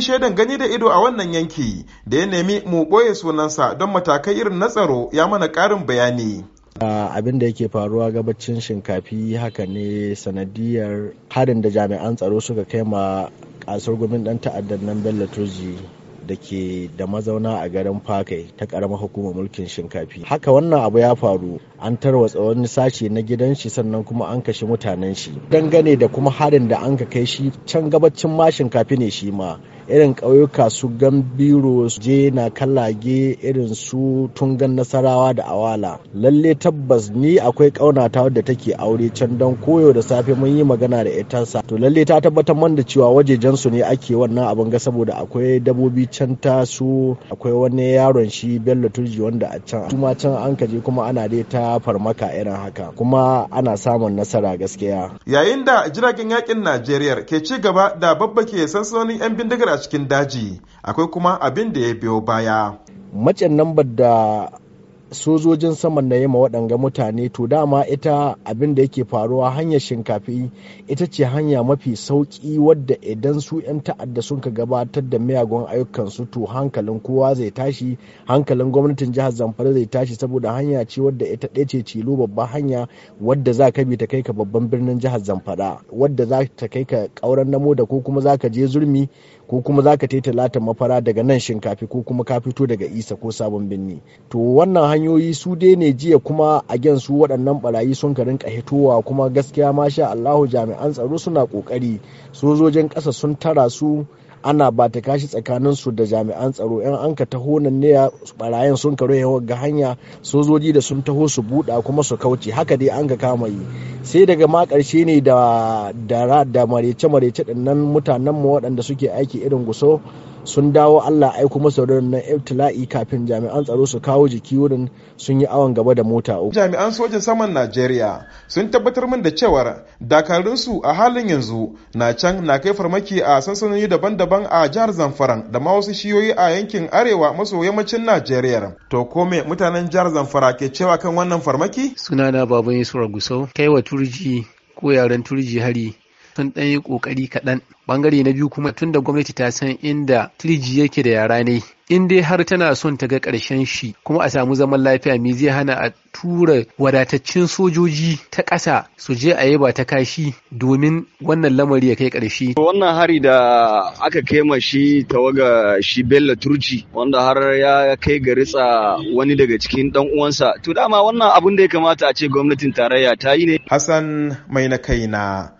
shaidan gani da ido a wannan yanki da ya nemi mu ɓoye sunansa don matakai irin na tsaro ya mana ƙarin bayani. abin da yake faruwa gabacin shinkafi haka ne sanadiyar harin da jami'an tsaro suka kai ma kasar gumin dan ta'addan nan bello turji da ke da mazauna a garin fakai ta karamar hukumar mulkin shinkafi haka wannan abu ya faru an tarwatsa wani sashi na gidan shi sannan kuma an kashe mutanen shi dangane da kuma harin da an ka kai shi can gabacin ma shinkafi ne shi ma irin ƙauyuka su gambiro je na kallage irin su tungan nasarawa da awala lalle tabbas ni akwai ƙaunata wadda take aure can don koyo da safe mun yi magana da ita to lalle ta tabbatar man da cewa wajejen su ne ake wannan abin ga saboda akwai dabobi can ta su akwai wani yaron shi bello turji wanda a can kuma can an kaje kuma ana dai ta farmaka irin haka kuma ana samun nasara gaskiya yayin da jiragen yakin najeriya ke ci gaba da babbake sansanonin yan bindigar a a cikin daji akwai kuma abin da ya biyo baya macen lambar da sojojin saman na ma waɗanga mutane to dama ita abin da yake faruwa hanyar shinkafi ita ce hanya mafi sauƙi wadda idan su 'yan ta'adda sun ka gabatar da miyagun ayyukansu to hankalin kowa zai tashi hankalin gwamnatin jihar zamfara zai tashi saboda hanya ce wadda ita ɗaya ce cilo babban hanya wadda za ka bi ta kai ka babban birnin jihar zamfara wadda za ta kai ka ƙauren namo da ko kuma za ka je zurmi ko kuma za ka ta yi talatin mafara daga nan shinkafi ko kuma ka fito daga isa ko sabon birni to wannan hanyoyi su dai ne jiya kuma a gyan su waɗannan barayi sun ka rinka hitowa kuma gaskiya masha allahu jami'an tsaro suna ƙoƙari sojojin ƙasa sun tara su ana ba ta kashi tsakanin su da jami'an tsaro yan an ka taho nan ne barayin sun karo ya ga hanya sojoji da sun taho su buɗa kuma su kauce haka dai an ka kama yi sai daga ma ƙarshe ne da da marece marece ɗin mutanen mu waɗanda suke aiki irin guso sun dawo Allah aiko masa wurin na iftila'i kafin jami'an tsaro su kawo jiki wurin sun yi awon gaba da mota uku. Jami'an sojin saman Najeriya sun tabbatar min da cewar dakarunsu a halin yanzu na can na kai farmaki a sansanoni daban-daban a jihar Zamfara da ma wasu shiyoyi a yankin arewa maso yammacin Najeriya. To ko me mutanen jihar Zamfara ke cewa kan wannan farmaki? Sunana Baban Yusuf Gusau, kai wa turji ko yaren turji hari sun ɗan yi ƙoƙari kaɗan bangare na biyu kuma tunda gwamnati ta san inda tirji yake da yara ne in dai har tana son ta ga ƙarshen shi kuma a samu zaman lafiya me zai hana a tura wadataccen sojoji ta ƙasa su je a yaba ta kashi domin wannan lamari ya kai ƙarshe. wannan hari da aka ma shi tawaga shi bello turji wanda har ya kai ga ritsa wani daga cikin dan uwansa to dama wannan abin da ya kamata a ce gwamnatin tarayya ta yi ne hassan mai na kaina